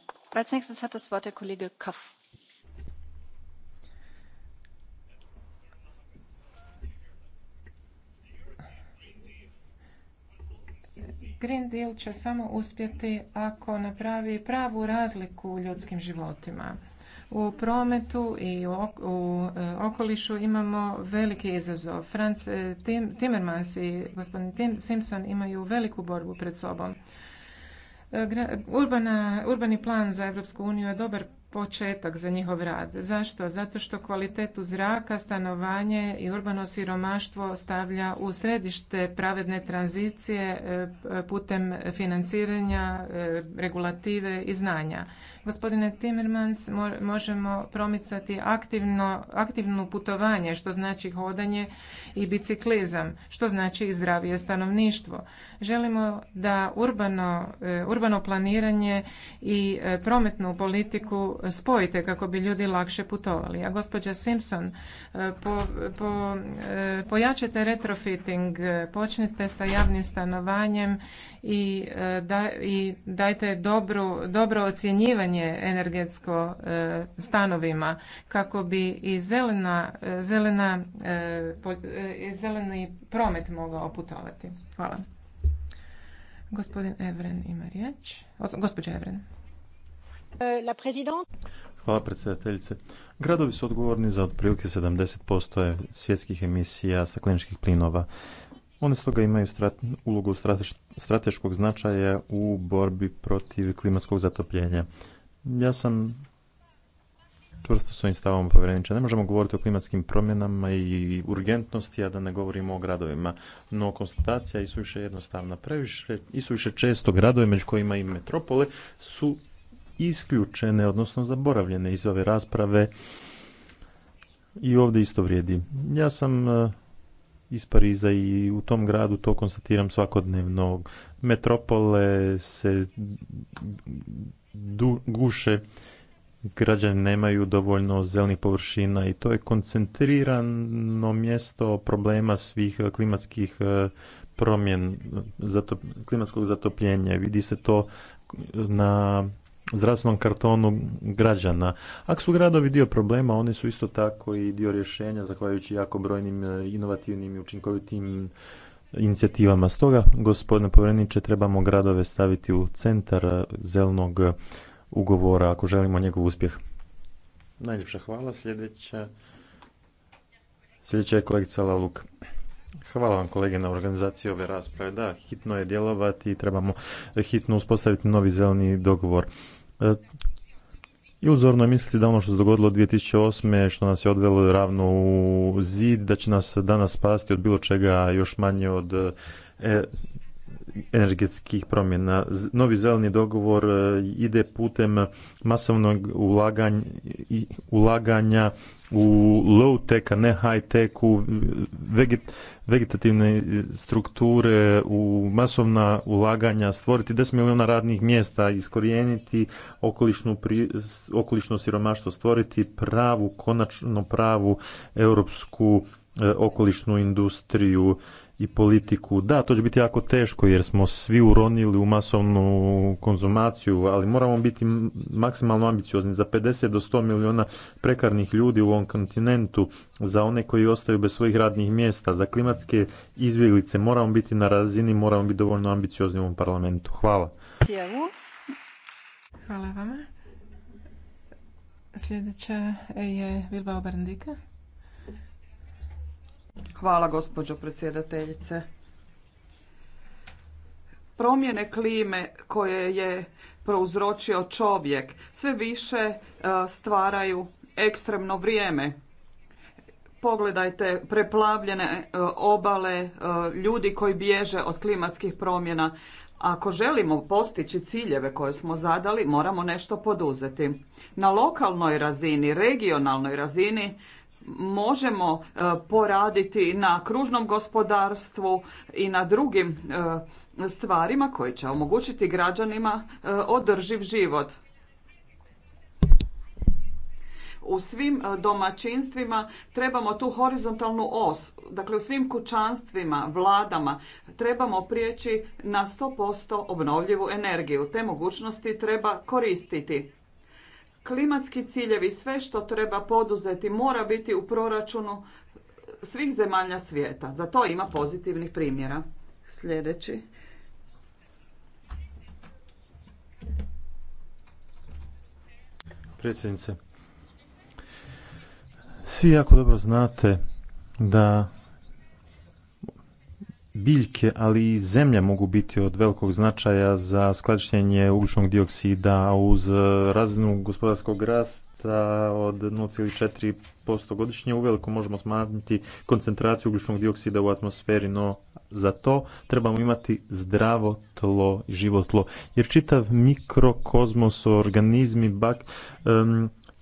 Green Deal će samo uspjeti ako napravi pravu razliku u ljudskim životima. U prometu i u e, okolišu imamo veliki izazov. Franz e, Timmermans i gospodin Tim Simpson imaju veliku borbu pred sobom urbana, urbani plan za Europsku uniju je dobar početak za njihov rad. Zašto? Zato što kvalitetu zraka, stanovanje i urbano siromaštvo stavlja u središte pravedne tranzicije e, putem financiranja, e, regulative i znanja. Gospodine Timmermans, možemo promicati aktivno, aktivno putovanje, što znači hodanje i biciklizam, što znači i zdravije stanovništvo. Želimo da urbano, e, urbano planiranje i prometnu politiku spojite kako bi ljudi lakše putovali. A gospođa Simpson, e, po, po, e, pojačajte retrofitting, e, počnite sa javnim stanovanjem i, da, i dajte dobro ocjenjivanje energetsko stanovima kako bi i zelena, zelena, zeleni promet mogao putovati. Hvala. Gospodin Evren ima riječ. Gospođa Evren. Euh, Hvala predsjedateljice. Gradovi su odgovorni za otprilike 70% svjetskih emisija stakleničkih plinova. One stoga imaju ulogu strateškog značaja u borbi protiv klimatskog zatopljenja. Ja sam čvrsto svojim stavom povjereniče. Ne možemo govoriti o klimatskim promjenama i urgentnosti, a da ne govorimo o gradovima. No, konstatacija je suviše jednostavna. Previše, i suviše često gradovi, među kojima i metropole, su isključene, odnosno zaboravljene iz ove rasprave i ovdje isto vrijedi. Ja sam e, iz Pariza i u tom gradu to konstatiram svakodnevno. Metropole se guše, građani nemaju dovoljno zelenih površina i to je koncentrirano mjesto problema svih klimatskih e, promjen, zato, klimatskog zatopljenja. Vidi se to na zdravstvenom kartonu građana. Ako su gradovi dio problema, oni su isto tako i dio rješenja, zahvaljujući jako brojnim e, inovativnim i učinkovitim inicijativama. Stoga, gospodine povjereniče, trebamo gradove staviti u centar e, zelenog ugovora ako želimo njegov uspjeh. Najljepša hvala. Sljedeća, sljedeća je kolegica Laluk. Hvala vam kolege na organizaciji ove rasprave. Da, hitno je djelovati i trebamo hitno uspostaviti novi zeleni dogovor. E, i uzorno je misliti da ono što se dogodilo 2008. što nas je odvelo ravno u zid, da će nas danas spasti od bilo čega još manje od e, energetskih promjena. Novi zeleni dogovor e, ide putem masovnog ulaganja, ulaganja u low tech, a ne high tech, u veget, vegetativne strukture, u masovna ulaganja, stvoriti 10 milijuna radnih mjesta, iskorijeniti okolišnu pri, okolišno siromaštvo, stvoriti pravu, konačno pravu europsku e, okolišnu industriju i politiku. Da, to će biti jako teško jer smo svi uronili u masovnu konzumaciju, ali moramo biti maksimalno ambiciozni za 50 do 100 miliona prekarnih ljudi u ovom kontinentu, za one koji ostaju bez svojih radnih mjesta, za klimatske izbjeglice. Moramo biti na razini, moramo biti dovoljno ambiciozni u ovom parlamentu. Hvala. Hvala vama. Sljedeća je Bilbao Hvala gospođo predsjedateljice. Promjene klime koje je prouzročio čovjek sve više e, stvaraju ekstremno vrijeme. Pogledajte preplavljene e, obale, e, ljudi koji bježe od klimatskih promjena. Ako želimo postići ciljeve koje smo zadali, moramo nešto poduzeti. Na lokalnoj razini, regionalnoj razini možemo e, poraditi na kružnom gospodarstvu i na drugim e, stvarima koje će omogućiti građanima e, održiv život. U svim domaćinstvima trebamo tu horizontalnu os, dakle u svim kućanstvima, vladama trebamo prijeći na 100% obnovljivu energiju. Te mogućnosti treba koristiti klimatski ciljevi, sve što treba poduzeti mora biti u proračunu svih zemalja svijeta. Za to ima pozitivnih primjera. Sljedeći. Predsjednice, svi jako dobro znate da biljke, ali i zemlja mogu biti od velikog značaja za skladištenje ugljičnog dioksida uz e, razinu gospodarskog rasta od 0,4% godišnje uveliko možemo smanjiti koncentraciju ugljičnog dioksida u atmosferi, no za to trebamo imati zdravo tlo i životlo. Jer čitav mikrokozmos, organizmi, bak,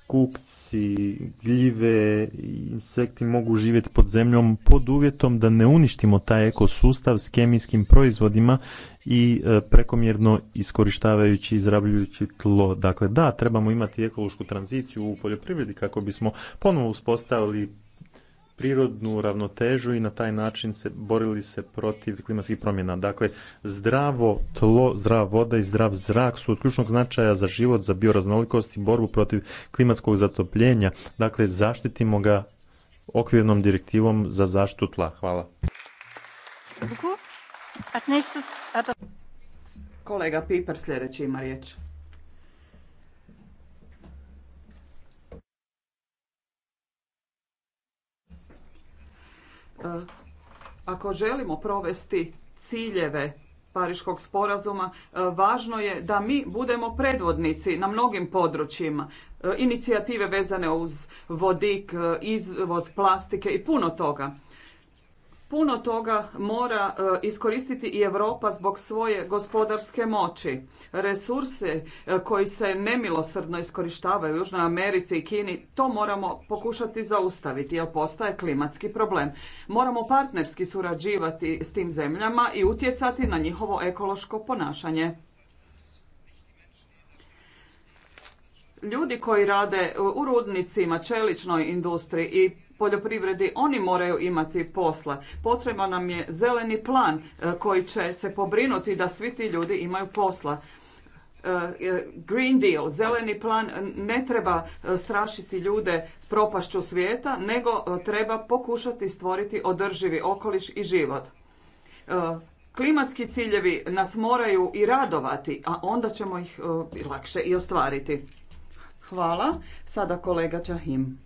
kukci, gljive, insekti mogu živjeti pod zemljom pod uvjetom da ne uništimo taj ekosustav s kemijskim proizvodima i e, prekomjerno iskorištavajući, izrabljujući tlo. Dakle, da, trebamo imati ekološku tranziciju u poljoprivredi kako bismo ponovo uspostavili prirodnu ravnotežu i na taj način se borili se protiv klimatskih promjena. Dakle, zdravo tlo, zdrava voda i zdrav zrak su od ključnog značaja za život, za bioraznolikost i borbu protiv klimatskog zatopljenja. Dakle, zaštitimo ga okvirnom direktivom za zaštitu tla. Hvala. Kolega Piper sljedeći ima riječ. Eh, ako želimo provesti ciljeve Pariškog sporazuma, eh, važno je da mi budemo predvodnici na mnogim područjima. Eh, inicijative vezane uz vodik, izvoz plastike i puno toga. Puno toga mora e, iskoristiti i Europa zbog svoje gospodarske moći. Resurse koji se nemilosrdno iskorištavaju u Južnoj Americi i Kini, to moramo pokušati zaustaviti jer postaje klimatski problem. Moramo partnerski surađivati s tim zemljama i utjecati na njihovo ekološko ponašanje. Ljudi koji rade u rudnicima, čeličnoj industriji i poljoprivredi, oni moraju imati posla. Potreba nam je zeleni plan e, koji će se pobrinuti da svi ti ljudi imaju posla. E, e, Green Deal, zeleni plan ne treba strašiti ljude propašću svijeta, nego treba pokušati stvoriti održivi okoliš i život. Klimatski ciljevi nas moraju i radovati, a onda ćemo ih lakše i ostvariti. Hvala. Sada kolega Čahim.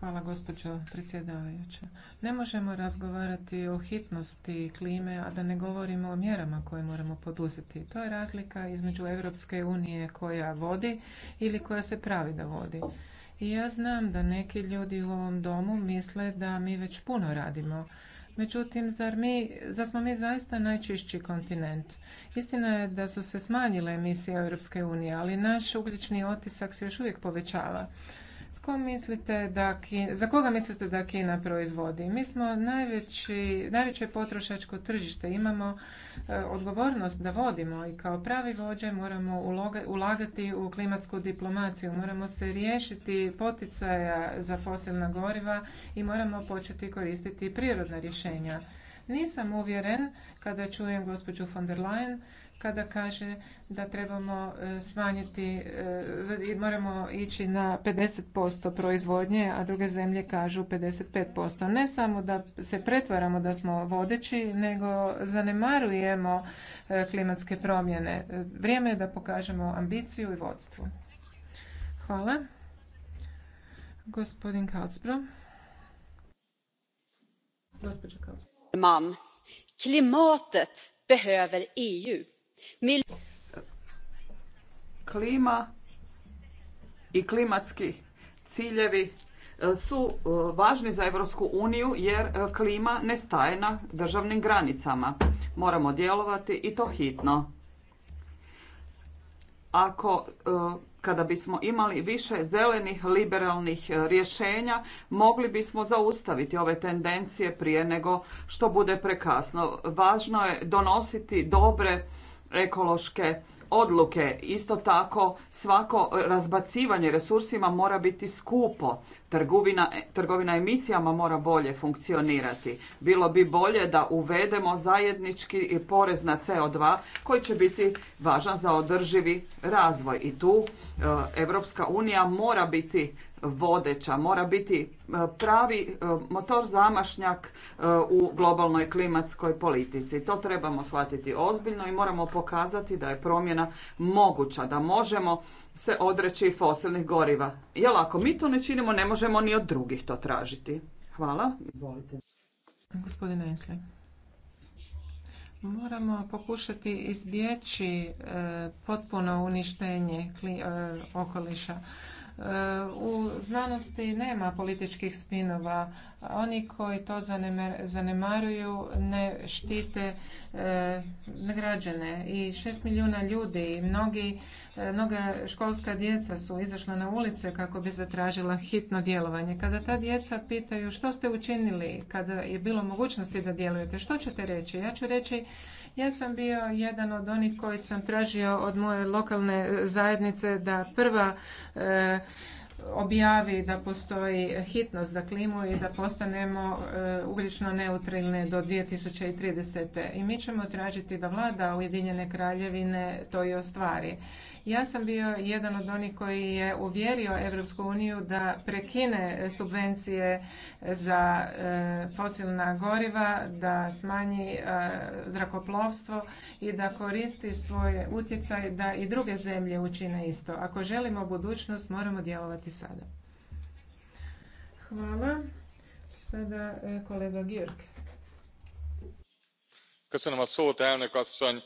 Hvala gospođo predsjedavajuća. Ne možemo razgovarati o hitnosti klime, a da ne govorimo o mjerama koje moramo poduzeti. To je razlika između Europske unije koja vodi ili koja se pravi da vodi. I ja znam da neki ljudi u ovom domu misle da mi već puno radimo Međutim, zar, mi, zar smo mi zaista najčišći kontinent? Istina je da su se smanjile emisije Europske unije, ali naš ugljični otisak se još uvijek povećava. Ko mislite da Kina, za koga mislite da Kina proizvodi? Mi smo najveći, najveće potrošačko tržište, imamo e, odgovornost da vodimo i kao pravi vođe moramo ulagati u klimatsku diplomaciju, moramo se riješiti poticaja za fosilna goriva i moramo početi koristiti prirodna rješenja. Nisam uvjeren kada čujem gospođu von der Leyen kada kaže da trebamo e, smanjiti, e, moramo ići na 50% proizvodnje, a druge zemlje kažu 55%. Ne samo da se pretvaramo da smo vodeći, nego zanemarujemo e, klimatske promjene. Vrijeme je da pokažemo ambiciju i vodstvu. Hvala. Gospodin Kalsbro. Gospodin Kalsbro. Klimatet behöver EU Klima i klimatski ciljevi e, su e, važni za Europsku uniju jer e, klima ne staje na državnim granicama. Moramo djelovati i to hitno. Ako kada bismo imali više zelenih liberalnih rješenja, mogli bismo zaustaviti ove tendencije prije nego što bude prekasno. Važno je donositi dobre ekološke odluke. Isto tako svako razbacivanje resursima mora biti skupo. Trgovina, trgovina emisijama mora bolje funkcionirati. Bilo bi bolje da uvedemo zajednički porez na CO2 koji će biti važan za održivi razvoj. I tu Europska unija mora biti vodeća, mora biti e, pravi e, motor zamašnjak e, u globalnoj klimatskoj politici. To trebamo shvatiti ozbiljno i moramo pokazati da je promjena moguća, da možemo se odreći fosilnih goriva. Jel ako mi to ne činimo, ne možemo ni od drugih to tražiti. Hvala. Izvolite. Gospodine Moramo pokušati izbjeći potpuno uništenje okoliša. U znanosti nema političkih spinova. Oni koji to zanemaruju ne štite e, građane i šest milijuna ljudi i mnogi, e, mnoga školska djeca su izašla na ulice kako bi zatražila hitno djelovanje. Kada ta djeca pitaju što ste učinili, kada je bilo mogućnosti da djelujete, što ćete reći? Ja ću reći ja sam bio jedan od onih koji sam tražio od moje lokalne e, zajednice da prva objavi da postoji hitnost za klimu i da postanemo e, ugljično neutralne do 2030. I mi ćemo tražiti da vlada Ujedinjene kraljevine to i ostvari. Ja sam bio jedan od onih koji je uvjerio Europsku uniju da prekine subvencije za e, fosilna goriva, da smanji e, zrakoplovstvo i da koristi svoj utjecaj da i druge zemlje učine isto. Ako želimo budućnost, moramo djelovati sada. Hvala. Sada e, kolega Gjurk. Köszönöm a szót, elnök asszony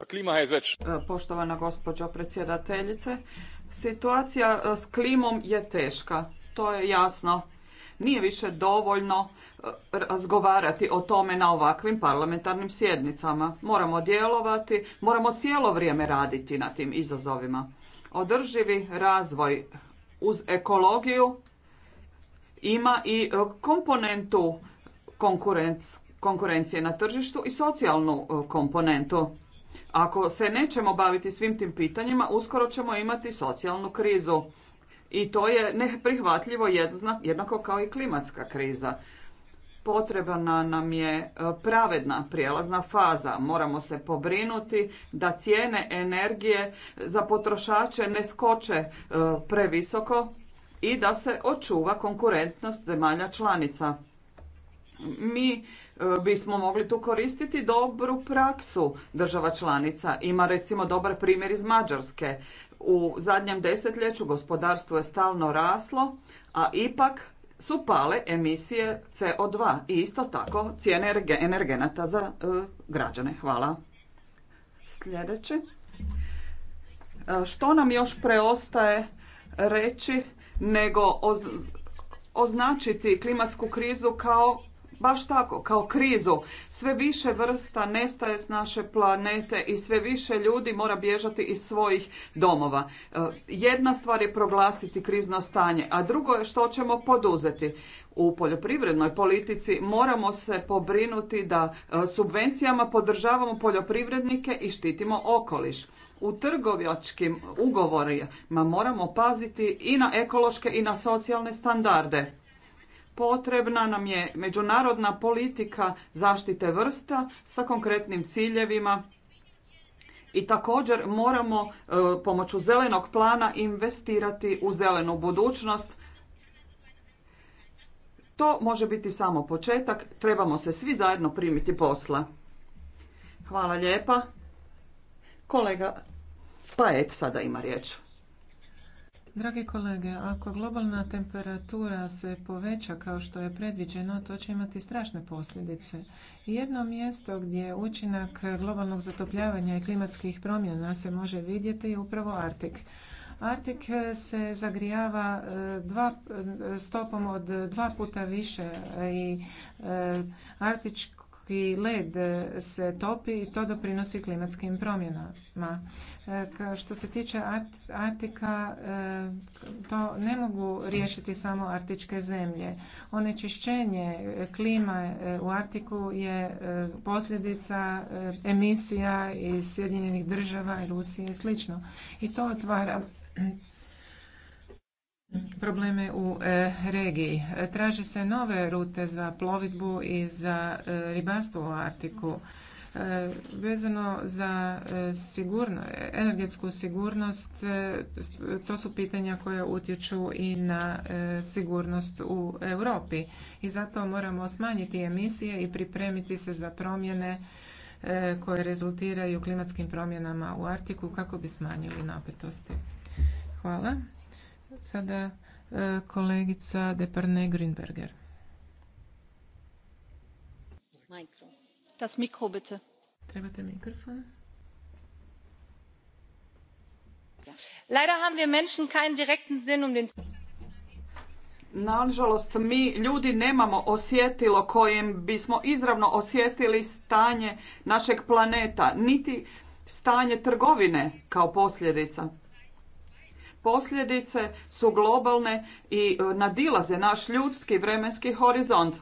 pa e, poštovana gospođo predsjedateljice, situacija e, s klimom je teška, to je jasno. Nije više dovoljno e, razgovarati o tome na ovakvim parlamentarnim sjednicama. Moramo djelovati, moramo cijelo vrijeme raditi na tim izazovima. Održivi razvoj uz ekologiju ima i komponentu konkurencije na tržištu i socijalnu komponentu. Ako se nećemo baviti svim tim pitanjima, uskoro ćemo imati socijalnu krizu. I to je neprihvatljivo jednako kao i klimatska kriza. Potrebna nam je e, pravedna prijelazna faza. Moramo se pobrinuti da cijene energije za potrošače ne skoče e, previsoko i da se očuva konkurentnost zemalja članica. Mi bismo mogli tu koristiti dobru praksu država članica. Ima recimo dobar primjer iz Mađarske. U zadnjem desetljeću gospodarstvo je stalno raslo, a ipak su pale emisije CO2 i isto tako cijene energenata za e, građane. Hvala. Sljedeće. E, što nam još preostaje reći nego označiti klimatsku krizu kao Baš tako, kao krizu. Sve više vrsta nestaje s naše planete i sve više ljudi mora bježati iz svojih domova. E, jedna stvar je proglasiti krizno stanje, a drugo je što ćemo poduzeti. U poljoprivrednoj politici moramo se pobrinuti da e, subvencijama podržavamo poljoprivrednike i štitimo okoliš u trgovačkim ugovorima moramo paziti i na ekološke i na socijalne standarde. Potrebna nam je međunarodna politika zaštite vrsta sa konkretnim ciljevima i također moramo e, pomoću zelenog plana investirati u zelenu budućnost. To može biti samo početak, trebamo se svi zajedno primiti posla. Hvala lijepa. Kolega Paet sada ima riječ. Dragi kolege, ako globalna temperatura se poveća kao što je predviđeno, to će imati strašne posljedice. Jedno mjesto gdje učinak globalnog zatopljavanja i klimatskih promjena se može vidjeti je upravo Artik. Artik se zagrijava e, e, stopom od dva puta više i e, Artič, i led se topi i to doprinosi klimatskim promjenama. E, što se tiče Artika, e, to ne mogu riješiti samo artičke zemlje. Onečišćenje klima e, u Artiku je posljedica emisija iz Sjedinjenih država, Rusije i slično. I to otvara probleme u e, regiji. Traže se nove rute za plovidbu i za e, ribarstvo u Artiku. E, vezano za energetsku sigurnost, to su pitanja koje utječu i na sigurnost u Europi. I zato moramo smanjiti emisije i pripremiti se za promjene koje rezultiraju klimatskim promjenama u Artiku kako bi smanjili napetosti. Hvala. Sada e, kolegica Deparne Grinberger. Trebate mikrofon. Nažalost, mi ljudi nemamo osjetilo kojim bismo izravno osjetili stanje našeg planeta, niti stanje trgovine kao posljedica. Posljedice su globalne i e, nadilaze naš ljudski vremenski horizont.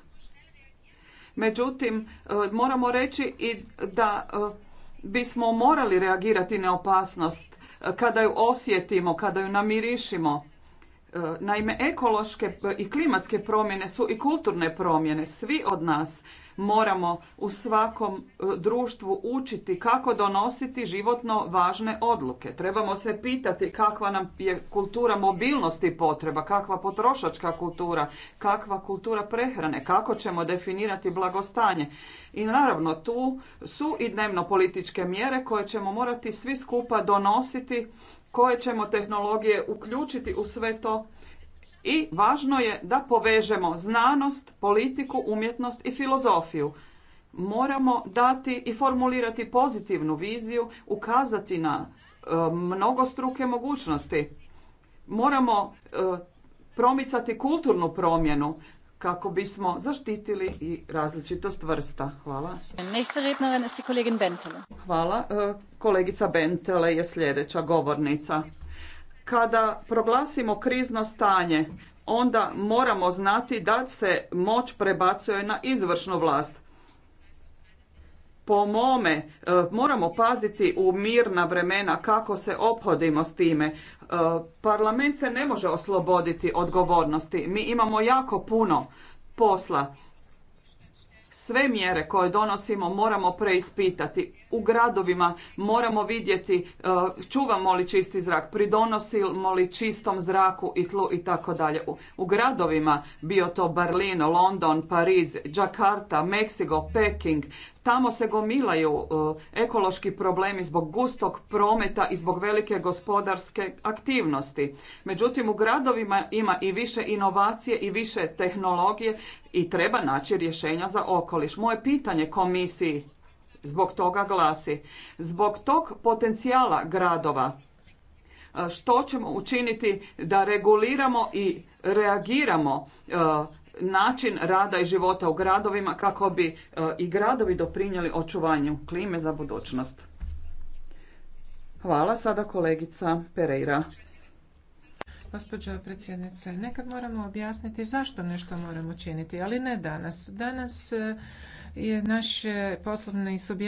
Međutim, e, moramo reći i da e, bismo morali reagirati na opasnost kada ju osjetimo, kada ju namirišimo. Naime, ekološke i klimatske promjene su i kulturne promjene. Svi od nas Moramo u svakom e, društvu učiti kako donositi životno važne odluke. Trebamo se pitati kakva nam je kultura mobilnosti potreba, kakva potrošačka kultura, kakva kultura prehrane, kako ćemo definirati blagostanje. I naravno tu su i dnevno političke mjere koje ćemo morati svi skupa donositi koje ćemo tehnologije uključiti u sve to i važno je da povežemo znanost, politiku, umjetnost i filozofiju. Moramo dati i formulirati pozitivnu viziju, ukazati na e, mnogostruke mogućnosti. Moramo e, promicati kulturnu promjenu kako bismo zaštitili i različitost vrsta. Hvala. Hvala. E, kolegica Bentele je sljedeća govornica. Kada proglasimo krizno stanje, onda moramo znati da se moć prebacuje na izvršnu vlast. Po mome, e, moramo paziti u mirna vremena kako se ophodimo s time. E, parlament se ne može osloboditi odgovornosti. Mi imamo jako puno posla sve mjere koje donosimo moramo preispitati. U gradovima moramo vidjeti e, čuvamo li čisti zrak, pridonosimo li čistom zraku i tlu i tako dalje. U gradovima, bio to Berlin, London, Pariz, Jakarta, Meksiko, Peking, Tamo se gomilaju e, ekološki problemi zbog gustog prometa i zbog velike gospodarske aktivnosti. Međutim, u gradovima ima i više inovacije i više tehnologije i treba naći rješenja za okoliš. Moje pitanje komisiji zbog toga glasi. Zbog tog potencijala gradova e, što ćemo učiniti da reguliramo i reagiramo e, način rada i života u gradovima kako bi e, i gradovi doprinijeli očuvanju klime za budućnost. Hvala sada kolegica Pereira. Gospođo predsjednice, nekad moramo objasniti zašto nešto moramo činiti, ali ne danas. Danas e, je naš poslovni subjekt